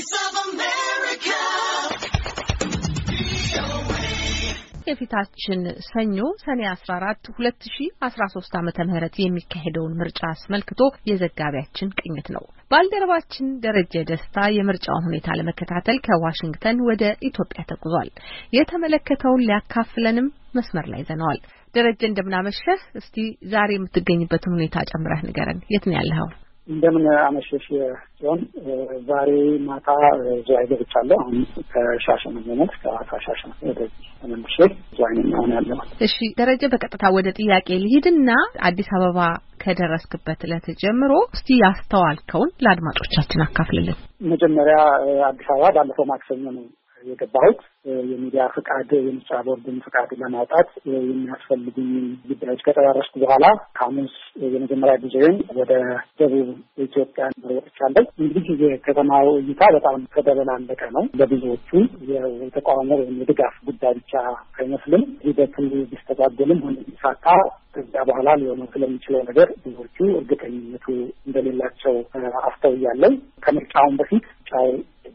Voice of America. የፊታችን ሰኞ ሰኔ 14 2013 ምህረት የሚካሄደውን ምርጫ አስመልክቶ የዘጋቢያችን ቅኝት ነው። ባልደረባችን ደረጀ ደስታ የምርጫውን ሁኔታ ለመከታተል ከዋሽንግተን ወደ ኢትዮጵያ ተጉዟል። የተመለከተውን ሊያካፍለንም መስመር ላይ ዘነዋል። ደረጀ እንደምናመሸህ። እስቲ ዛሬ የምትገኝበትን ሁኔታ ጨምረህ ንገረን። የት ነው ያለኸው? እንደምን አመሸሽ ሲሆን ዛሬ ማታ ዝዋይ ገብቻለሁ። አሁን ከሻሸመኔነት ከአታ ሻሸመ ወደዚህ ተመልሼ ዝዋይ አሁን ያለሁ። እሺ ደረጀ፣ በቀጥታ ወደ ጥያቄ ልሂድና አዲስ አበባ ከደረስክበት ዕለት ጀምሮ እስቲ ያስተዋልከውን ለአድማጮቻችን አካፍልልን። መጀመሪያ አዲስ አበባ ባለፈው ማክሰኞ ነው የገባሁት የሚዲያ ፍቃድ የምርጫ ቦርድን ፍቃድ ለማውጣት የሚያስፈልጉኝ ጉዳዮች ከጠራረስኩ በኋላ ሐሙስ የመጀመሪያ ጊዜውን ወደ ደቡብ ኢትዮጵያ ወጥቻለሁ። እንግዲህ የከተማው እይታ በጣም ተደበላለቀ ነው። ለብዙዎቹ የተቃውሞ ወይም የድጋፍ ጉዳይ ብቻ አይመስልም። ሂደቱ ቢስተጓጎልም ሆነ ቢሳካ ከዚያ በኋላ ሊሆነ ስለሚችለው ነገር ብዙዎቹ እርግጠኝነቱ እንደሌላቸው አስተውያለሁ። ከምርጫውን በፊት ምርጫው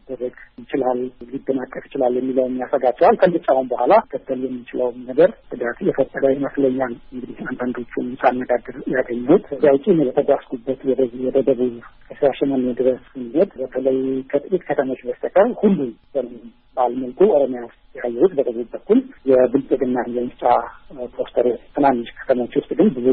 ደረግ ይችላል፣ ሊደናቀፍ ይችላል የሚለውም ያሰጋቸዋል። ከልጭ አሁን በኋላ ከተል የምንችለው ነገር ጉዳት የፈጠረ ይመስለኛል። እንግዲህ አንዳንዶቹን ሳነጋግር ያገኘሁት እዚያ ውጪ የተጓዝኩበት ወደ ደቡብ ከሻሸመኔ ድረስ ስንሄድ በተለይ ከጥቂት ከተሞች በስተቀር ሁሉ በሚባል መልኩ ኦሮሚያ ውስጥ ያየሁት በደቡብ በኩል የብልጽግና የምርጫ ፖስተር ትናንሽ ከተሞች ውስጥ ግን ብዙ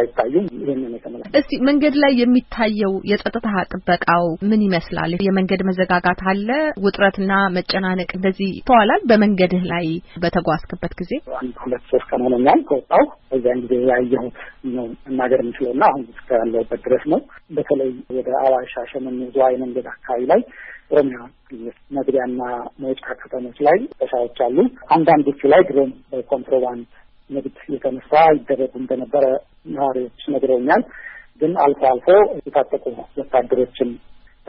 አይታዩም። ይህንን የተመላ እስቲ መንገድ ላይ የሚታየው የጸጥታ ጥበቃው ምን ይመስላል? የመንገድ መዘጋጋት አለ? ውጥ ውጥረትና መጨናነቅ እንደዚህ ይተዋላል? በመንገድህ ላይ በተጓዝክበት ጊዜ አንድ ሁለት ሶስት ቀን ሆነኛል ከወጣሁ። በዚያን ጊዜ ያየሁት ነው መናገር የምችለው እና አሁን እስካለሁበት ድረስ ነው። በተለይ ወደ አዋሻ ሸመን ዝዋይ መንገድ አካባቢ ላይ ኦሮሚያ ክልል መግቢያና መውጫ ከተሞች ላይ ተሻዎች አሉ። አንዳንዶቹ ላይ ድሮም በኮንትሮባንድ ንግድ የተነሳ ይደረጉ እንደነበረ ነዋሪዎች ነግረውኛል። ግን አልፎ አልፎ የታጠቁ ወታደሮችን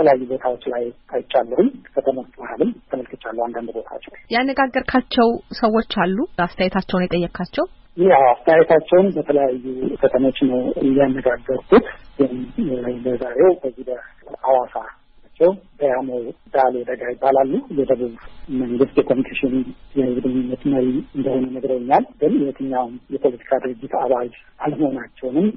የተለያዩ ቦታዎች ላይ ታይቻለሁኝ። ከተሞች መሀልም ተመልክቻለሁ። አንዳንድ ቦታዎች ላይ ያነጋገርካቸው ሰዎች አሉ? አስተያየታቸውን የጠየካቸው ያ አስተያየታቸውን በተለያዩ ከተሞች ነው እያነጋገርኩት። ለዛሬው በዚህ በአዋሳ ናቸው። በያሞ ዳሌ ደጋ ይባላሉ። የደቡብ መንግስት የኮሚኒኬሽን የህዝብ ግንኙነት መሪ እንደሆነ ነግረውኛል። ግን የትኛውም የፖለቲካ ድርጅት አባል አለመሆናቸውንም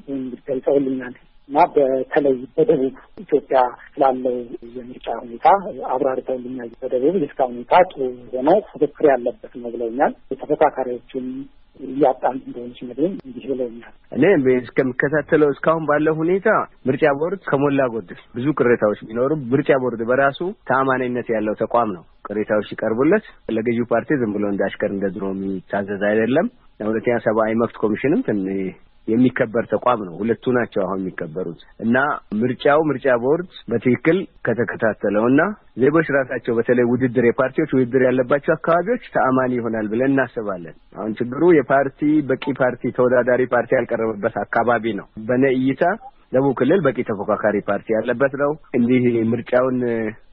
ገልጸውልኛል። እና በተለይ በደቡብ ኢትዮጵያ ስላለው የምርጫ ሁኔታ አብራርተውልኛል። በደቡብ የስካ ሁኔታ ጥሩ ሆኖ ፉክክር ያለበት ነው ብለውኛል። የተፎካካሪዎችን እያጣን እንደሆነች መድን እንዲህ ብለውኛል። እኔ እስከምከታተለው እስካሁን ባለው ሁኔታ ምርጫ ቦርድ ከሞላ ጎደል ብዙ ቅሬታዎች ቢኖሩ ምርጫ ቦርድ በራሱ ተአማናኝነት ያለው ተቋም ነው። ቅሬታዎች ሲቀርቡለት ለገዢው ፓርቲ ዝም ብሎ እንዳሽከር እንደ ድሮ የሚታዘዝ አይደለም። ለሁለተኛ ሰብአዊ መብት ኮሚሽንም ትን የሚከበር ተቋም ነው። ሁለቱ ናቸው አሁን የሚከበሩት እና ምርጫው ምርጫ ቦርድ በትክክል ከተከታተለው እና ዜጎች ራሳቸው በተለይ ውድድር የፓርቲዎች ውድድር ያለባቸው አካባቢዎች ተአማኒ ይሆናል ብለን እናስባለን። አሁን ችግሩ የፓርቲ በቂ ፓርቲ ተወዳዳሪ ፓርቲ ያልቀረበበት አካባቢ ነው። በነ እይታ ደቡብ ክልል በቂ ተፎካካሪ ፓርቲ ያለበት ነው። እንዲህ ምርጫውን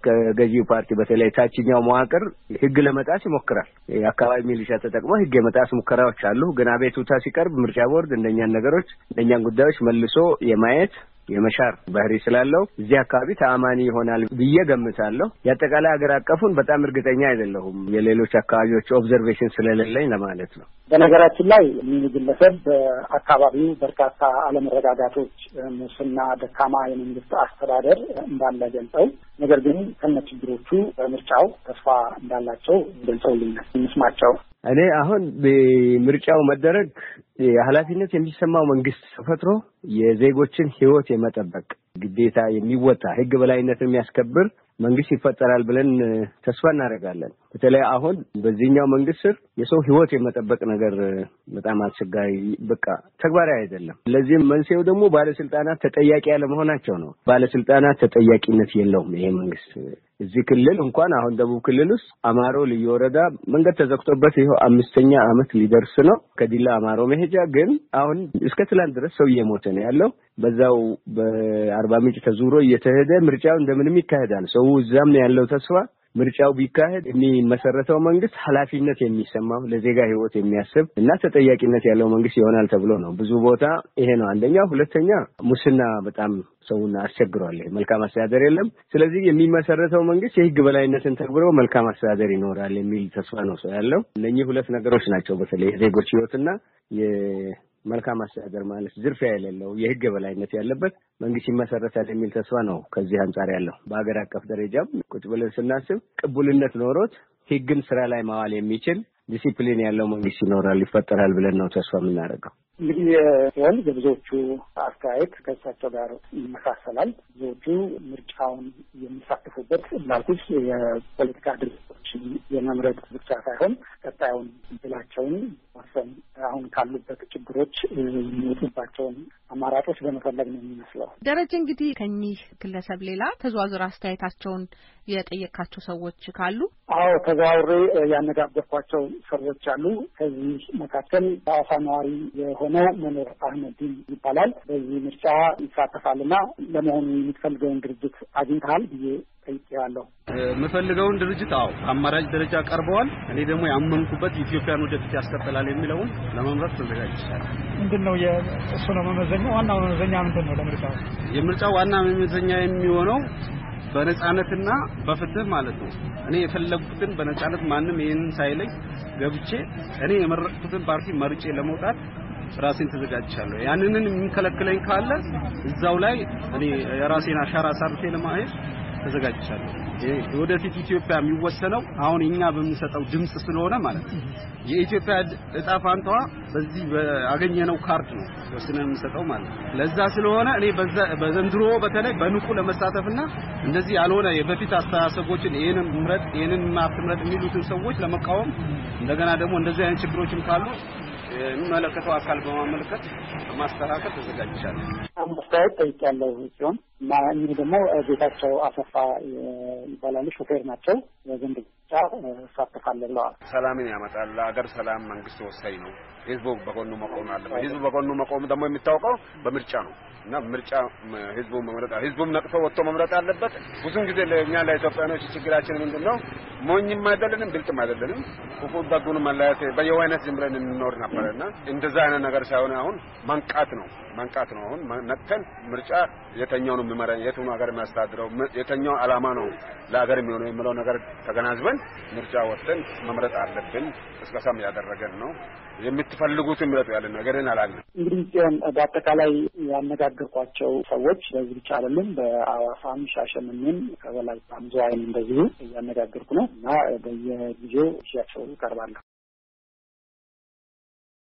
ከገዢው ፓርቲ በተለይ ታችኛው መዋቅር ህግ ለመጣስ ይሞክራል። የአካባቢ ሚሊሻ ተጠቅሞ ህግ የመጣስ ሙከራዎች አሉ። ግን አቤቱታ ሲቀርብ ምርጫ ቦርድ እንደኛን ነገሮች እንደኛን ጉዳዮች መልሶ የማየት የመሻር ባህሪ ስላለው እዚህ አካባቢ ተአማኒ ይሆናል ብዬ ገምታለሁ። የአጠቃላይ ሀገር አቀፉን በጣም እርግጠኛ አይደለሁም፣ የሌሎች አካባቢዎች ኦብዘርቬሽን ስለሌለኝ ለማለት ነው። በነገራችን ላይ ሚኒ ግለሰብ በአካባቢው በርካታ አለመረጋጋቶች፣ ሙስና፣ ደካማ የመንግስት አስተዳደር እንዳለ ገልጸው ነገር ግን ከነ ችግሮቹ በምርጫው ተስፋ እንዳላቸው ገልጸውልኛል። እንስማቸው። እኔ አሁን ምርጫው መደረግ ኃላፊነት የሚሰማው መንግስት ተፈጥሮ የዜጎችን ህይወት የመጠበቅ ግዴታ የሚወጣ ህግ በላይነት የሚያስከብር መንግስት ይፈጠራል ብለን ተስፋ እናደርጋለን። በተለይ አሁን በዚህኛው መንግስት ስር የሰው ህይወት የመጠበቅ ነገር በጣም አስቸጋሪ በቃ ተግባራዊ አይደለም። ለዚህም መንስኤው ደግሞ ባለስልጣናት ተጠያቂ ያለመሆናቸው ነው። ባለስልጣናት ተጠያቂነት የለውም ይሄ መንግስት። እዚህ ክልል እንኳን አሁን ደቡብ ክልል ውስጥ አማሮ ልዩ ወረዳ መንገድ ተዘግቶበት ይኸው አምስተኛ አመት ሊደርስ ነው። ከዲላ አማሮ መሄጃ ግን አሁን እስከ ትላንት ድረስ ሰው እየሞተ ነው ያለው። በዛው በአርባ ምንጭ ተዙሮ እየተሄደ ምርጫው እንደምንም ይካሄዳል። ሰው እዛም ያለው ተስፋ ምርጫው ቢካሄድ የሚመሰረተው መንግስት ኃላፊነት የሚሰማው ለዜጋ ህይወት የሚያስብ እና ተጠያቂነት ያለው መንግስት ይሆናል ተብሎ ነው። ብዙ ቦታ ይሄ ነው አንደኛ ሁለተኛ ሙስና በጣም ሰውን አስቸግሯል። መልካም አስተዳደር የለም። ስለዚህ የሚመሰረተው መንግስት የህግ በላይነትን ተግብሮ መልካም አስተዳደር ይኖራል የሚል ተስፋ ነው ሰው ያለው። እነኚህ ሁለት ነገሮች ናቸው በተለይ የዜጎች ህይወትና መልካም አስተዳደር ማለት ዝርፊያ የሌለው የህግ የበላይነት ያለበት መንግስት ይመሰረታል የሚል ተስፋ ነው። ከዚህ አንጻር ያለው በሀገር አቀፍ ደረጃም ቁጭ ብለን ስናስብ ቅቡልነት ኖሮት ህግን ስራ ላይ ማዋል የሚችል ዲሲፕሊን ያለው መንግስት ይኖራል ይፈጠራል ብለን ነው ተስፋ የምናደርገው። እንግዲህ ሲሆን የብዙዎቹ አስተያየት ከእሳቸው ጋር ይመሳሰላል። ብዙዎቹ ምርጫውን የሚሳተፉበት እንዳልኩት የፖለቲካ ድርጅቶችን የመምረጥ ብቻ ሳይሆን ቀጣዩን ብላቸውን አሁን ካሉበት ችግሮች የሚወጡባቸውን አማራጮች በመፈለግ ነው የሚመስለው። ደረጀ እንግዲህ ከኚህ ግለሰብ ሌላ ተዘዋዝር አስተያየታቸውን የጠየካቸው ሰዎች ካሉ? አዎ ተዘዋውሬ ያነጋገርኳቸው ሰዎች አሉ። ከዚህ መካከል በአዋሳ ነዋሪ የሆነ መኖር አህመዲን ይባላል። በዚህ ምርጫ ይሳተፋልና ለመሆኑ የምትፈልገውን ድርጅት አግኝተሃል ብዬ ጠይቄዋለሁ። የምፈልገውን ድርጅት አዎ አማራጭ ደረጃ ቀርበዋል። እኔ ደግሞ ያመንኩበት ኢትዮጵያን ወደፊት ያስቀጥላል የሚለውን ለመምረጥ ተዘጋጅቻለሁ። ምንድን ነው እሱ ነው መመዘኛ? ዋና መመዘኛ ምንድን ነው ለምርጫው? የምርጫው ዋና መመዘኛ የሚሆነው በነጻነትና በፍትህ ማለት ነው። እኔ የፈለግኩትን በነጻነት ማንም ይህንን ሳይለይ ገብቼ እኔ የመረጥኩትን ፓርቲ መርጬ ለመውጣት ራሴን ተዘጋጅቻለሁ። ያንንን የሚከለክለኝ ካለ እዛው ላይ እኔ የራሴን አሻራ አሳርፌ ለማየት ተዘጋጅቻለሁ። ወደፊት ኢትዮጵያ የሚወሰነው አሁን እኛ በምንሰጠው ድምጽ ስለሆነ ማለት ነው። የኢትዮጵያ እጣ ፋንታዋ በዚህ ያገኘነው ካርድ ነው ወስነን የምንሰጠው ማለት ነው። ለዛ ስለሆነ እኔ በዘንድሮ በተለይ በንቁ ለመሳተፍና እንደዚህ ያልሆነ የበፊት አስተሳሰቦችን ይሄንን ምረጥ፣ ይሄንን አትምረጥ የሚሉትን ሰዎች ለመቃወም እንደገና ደግሞ እንደዚህ አይነት ችግሮችም ካሉ የሚመለከተው አካል በማመልከት ለማስተካከል ተዘጋጅቻለሁ። ጠይቅ ጠይቄያለሁ ሲሆን እኒህ ደግሞ ቤታቸው አሰፋ ይባላሉ። ሾፌር ናቸው ዘንድ ምርጫ እንሳተፋለን ብለዋል። ሰላምን ያመጣል። ለአገር ሰላም መንግስት ወሳኝ ነው። ህዝቡ በጎኑ መቆም አለበት። ህዝቡ በጎኑ መቆም ደግሞ የሚታወቀው በምርጫ ነው እና ምርጫ ህዝቡ መምረጥ ህዝቡም ነቅፎ ወጥቶ መምረጥ አለበት። ብዙም ጊዜ ለእኛ ለኢትዮጵያኖች ችግራችን ምንድን ነው? ሞኝም አይደለንም፣ ብልጥም አይደለንም። ቁቁ በጉን መለያየት አይነት ዝም ብለን እንኖር ነበር እና እንደዛ አይነት ነገር ሳይሆን አሁን መንቃት ነው መንቃት ነው። አሁን ነቅተን ምርጫ የተኛው ነው የሚመራ የትኑ ሀገር የሚያስተዳድረው የተኛው አላማ ነው ለሀገር የሚሆነው የሚለው ነገር ተገናዝበን ምርጫ ወጥተን መምረጥ አለብን። ቅስቀሳም ያደረገን ነው። የምትፈልጉት ምረጡ ያለ ነገርን አላለ። እንግዲህ ጽዮን፣ በአጠቃላይ ያነጋገርኳቸው ሰዎች በዚህ ብቻ አይደለም፣ በአዋሳም ሻሸምኔም፣ ከበላይታም፣ ዝዋይም እንደዚሁ እያነጋገርኩ ነው እና በየጊዜው ሲያሰቡ ይቀርባለሁ።